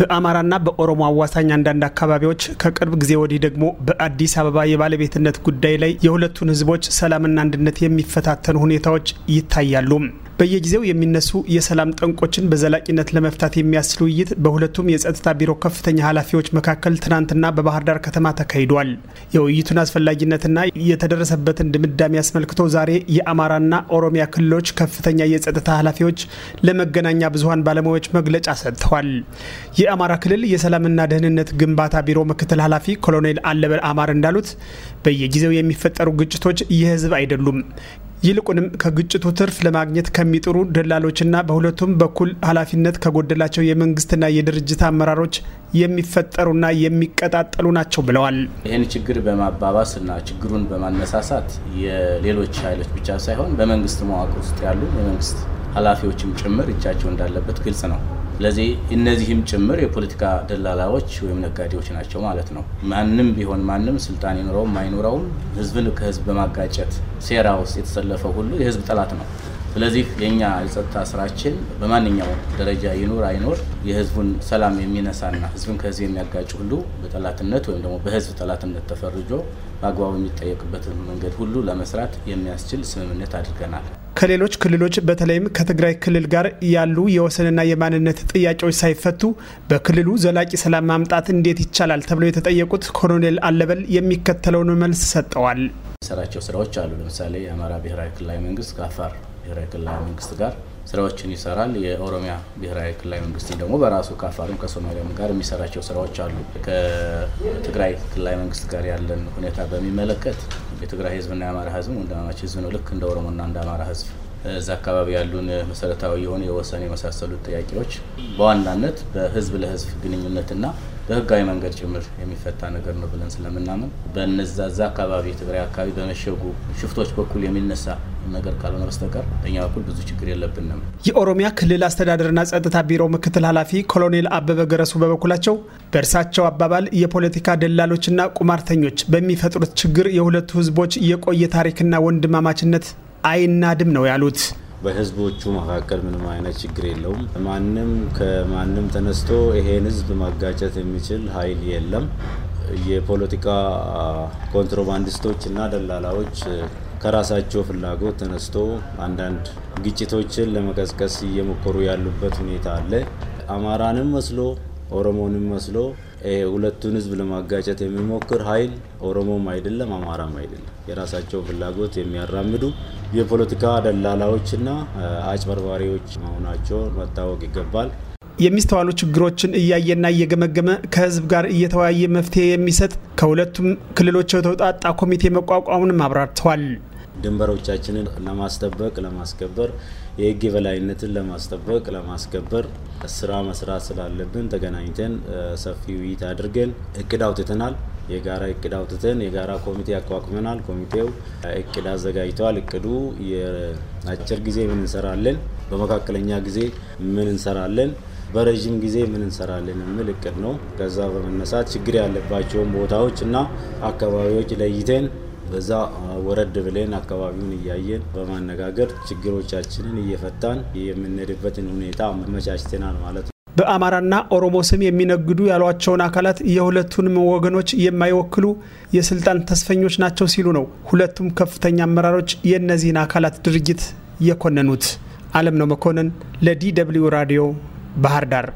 በአማራና በኦሮሞ አዋሳኝ አንዳንድ አካባቢዎች ከቅርብ ጊዜ ወዲህ ደግሞ በአዲስ አበባ የባለቤትነት ጉዳይ ላይ የሁለቱን ህዝቦች ሰላምና አንድነት የሚፈታተኑ ሁኔታዎች ይታያሉ። በየጊዜው የሚነሱ የሰላም ጠንቆችን በዘላቂነት ለመፍታት የሚያስችል ውይይት በሁለቱም የጸጥታ ቢሮ ከፍተኛ ኃላፊዎች መካከል ትናንትና በባህር ዳር ከተማ ተካሂዷል። የውይይቱን አስፈላጊነትና የተደረሰበትን ድምዳሜ አስመልክቶ ዛሬ የአማራና ኦሮሚያ ክልሎች ከፍተኛ የጸጥታ ኃላፊዎች ለመገናኛ ብዙኃን ባለሙያዎች መግለጫ ሰጥተዋል። የአማራ ክልል የሰላምና ደህንነት ግንባታ ቢሮ ምክትል ኃላፊ ኮሎኔል አለበል አማር እንዳሉት በየጊዜው የሚፈጠሩ ግጭቶች የህዝብ አይደሉም ይልቁንም ከግጭቱ ትርፍ ለማግኘት ከሚጥሩ ደላሎችና በሁለቱም በኩል ኃላፊነት ከጎደላቸው የመንግስትና የድርጅት አመራሮች የሚፈጠሩና የሚቀጣጠሉ ናቸው ብለዋል። ይህን ችግር በማባባስና ችግሩን በማነሳሳት የሌሎች ኃይሎች ብቻ ሳይሆን በመንግስት መዋቅር ውስጥ ያሉ የመንግስት ኃላፊዎችም ጭምር እጃቸው እንዳለበት ግልጽ ነው። ስለዚህ እነዚህም ጭምር የፖለቲካ ደላላዎች ወይም ነጋዴዎች ናቸው ማለት ነው። ማንም ቢሆን ማንም ስልጣን ይኑረውም አይኑረውም ህዝብን ከህዝብ በማጋጨት ሴራ ውስጥ የተሰለፈ ሁሉ የህዝብ ጠላት ነው። ስለዚህ የኛ የጸጥታ ስራችን በማንኛውም ደረጃ ይኖር አይኖር የህዝቡን ሰላም የሚነሳና ህዝብን ከዚህ የሚያጋጭ ሁሉ በጠላትነት ወይም ደግሞ በህዝብ ጠላትነት ተፈርጆ በአግባቡ የሚጠየቅበትን መንገድ ሁሉ ለመስራት የሚያስችል ስምምነት አድርገናል። ከሌሎች ክልሎች በተለይም ከትግራይ ክልል ጋር ያሉ የወሰንና የማንነት ጥያቄዎች ሳይፈቱ በክልሉ ዘላቂ ሰላም ማምጣት እንዴት ይቻላል ተብለው የተጠየቁት ኮሎኔል አለበል የሚከተለውን መልስ ሰጠዋል። የሰራቸው ስራዎች አሉ። ለምሳሌ የአማራ ብሔራዊ ክልላዊ መንግስት ከአፋር ብሔራዊ ክልላዊ መንግስት ጋር ስራዎችን ይሰራል። የኦሮሚያ ብሔራዊ ክልላዊ መንግስት ደግሞ በራሱ ከአፋርም ከሶማሊያም ጋር የሚሰራቸው ስራዎች አሉ። ከትግራይ ክልላዊ መንግስት ጋር ያለን ሁኔታ በሚመለከት የትግራይ ህዝብና የአማራ ህዝብ ወንድማማች ህዝብ ነው። ልክ እንደ ኦሮሞና እንደ አማራ ህዝብ እዛ አካባቢ ያሉን መሰረታዊ የሆኑ የወሰን የመሳሰሉት ጥያቄዎች በዋናነት በህዝብ ለህዝብ ግንኙነትና በህጋዊ መንገድ ጭምር የሚፈታ ነገር ነው ብለን ስለምናምን በነዛ እዛ አካባቢ ትግራይ አካባቢ በመሸጉ ሽፍቶች በኩል የሚነሳ ነገር ካልሆነ በስተቀር በእኛ በኩል ብዙ ችግር የለብንም። የኦሮሚያ ክልል አስተዳደርና ጸጥታ ቢሮ ምክትል ኃላፊ ኮሎኔል አበበ ገረሱ በበኩላቸው በእርሳቸው አባባል የፖለቲካ ደላሎችና ቁማርተኞች በሚፈጥሩት ችግር የሁለቱ ህዝቦች የቆየ ታሪክና ወንድማማችነት አይናድም ነው ያሉት። በህዝቦቹ መካከል ምንም አይነት ችግር የለውም። ማንም ከማንም ተነስቶ ይሄን ህዝብ ማጋጨት የሚችል ኃይል የለም። የፖለቲካ ኮንትሮባንዲስቶች እና ደላላዎች ከራሳቸው ፍላጎት ተነስቶ አንዳንድ ግጭቶችን ለመቀስቀስ እየሞከሩ ያሉበት ሁኔታ አለ። አማራንም መስሎ ኦሮሞንም መስሎ ሁለቱን ህዝብ ለማጋጨት የሚሞክር ኃይል ኦሮሞም አይደለም አማራም አይደለም። የራሳቸው ፍላጎት የሚያራምዱ የፖለቲካ ደላላዎችና አጭበርባሪዎች መሆናቸውን መታወቅ ይገባል። የሚስተዋሉ ችግሮችን እያየና እየገመገመ ከህዝብ ጋር እየተወያየ መፍትሄ የሚሰጥ ከሁለቱም ክልሎች የተውጣጣ ኮሚቴ መቋቋሙን አብራርተዋል። ድንበሮቻችንን ለማስጠበቅ ለማስከበር የህግ የበላይነትን ለማስጠበቅ ለማስከበር ስራ መስራት ስላለብን ተገናኝተን ሰፊ ውይይት አድርገን እቅድ አውጥተናል። የጋራ እቅድ አውጥተን የጋራ ኮሚቴ አቋቁመናል። ኮሚቴው እቅድ አዘጋጅተዋል። እቅዱ የአጭር ጊዜ ምን እንሰራለን፣ በመካከለኛ ጊዜ ምን እንሰራለን፣ በረዥም ጊዜ ምን እንሰራለን የሚል እቅድ ነው። ከዛ በመነሳት ችግር ያለባቸውን ቦታዎች እና አካባቢዎች ለይተን በዛ ወረድ ብለን አካባቢውን እያየን በማነጋገር ችግሮቻችንን እየፈታን የምንሄድበትን ሁኔታ አመቻችተናል ማለት ነው። በአማራና ኦሮሞ ስም የሚነግዱ ያሏቸውን አካላት የሁለቱንም ወገኖች የማይወክሉ የስልጣን ተስፈኞች ናቸው ሲሉ ነው ሁለቱም ከፍተኛ አመራሮች የእነዚህን አካላት ድርጊት የኮነኑት። አለም ነው መኮንን ለዲ ደብልዩ ራዲዮ ባህር ዳር